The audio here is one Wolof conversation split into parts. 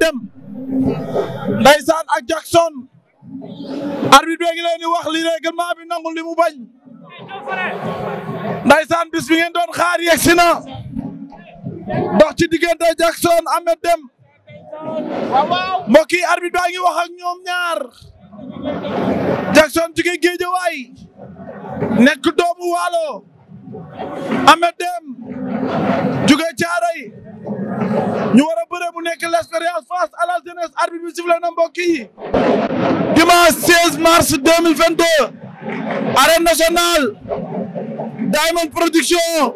dem ndaysaan ak Jackson arbitre bi ngi leen wax li règlement bi nangul li mu bañ ndaysaan bis bi ngeen doon xaar yegsi na dox ci diggante Jackson Ahmed Dem mbokk yi arbitre baa ngi wax ak ñoom ñaar Jackson jóge Géejawaay nekk doomu Waalo Ahmed Dem sifflé na mbokk yi dimanche 16 mars 2022 arène nationale Diamond production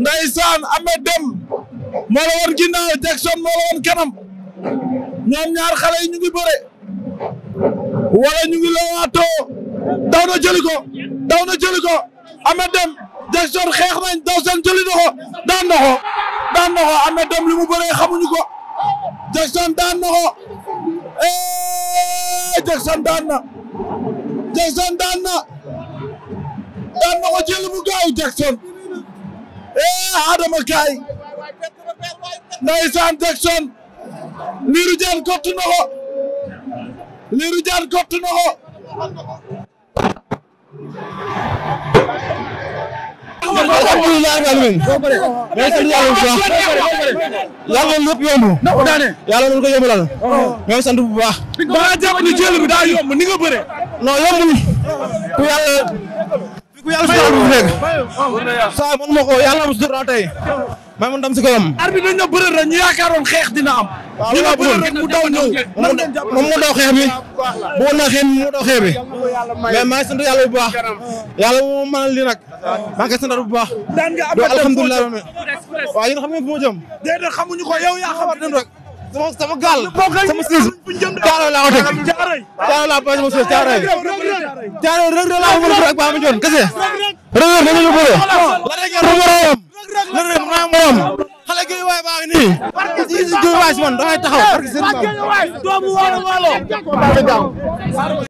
ndeysaan Ahmed Deme moo la woon ginnaaw Jackson moo la woon ñoom ñaar xale yi ñu ngi bëre wala ñu ngi lewaatoo daw na jëli ko daw na Jackson xeex nañ daw seen jëli na ko daan na ko daan na ko Ahmed Jackson daan na eh Jackson daan na Jackson daan na daan na ko gaaw Jackson eh Adama Kaay ndeysaan Jackson Lirou Diane kottu na ko Lirou Diane kottu alhamdulilah nga leen mais sant yàlla bu baax yàlla lépp yomb yàlla nañu ko yombalal mais sant bu baax ba nga jàpp ni jël bi daa yomb ni nga bëre non yombul ku yàlla ku yàlla fi bu fekk saa man ma ko yàlla am sutura tey may ma ndam si kawam. arbitre dañ na bëre rek ñu yaakaaroon xeex dina la bëre mu daw mu daw xeex bi. bu mais maa ngi sant yàlla bu baax. yàlla moo mënal lii nag. maa ngi koy sant bu baax. daan nga am alhamdulilah waaw yéen xam ma jëm. déedéet xamuñu ko yow yaa xamat den rek. sama sama gaal sama siis caaro laa ko teg caaro laa bàyyi a ma joon kese rek ak morom xale gi waay baa ngi nii ci ci waay man damay taxaw parce que seen doomu wolo wolo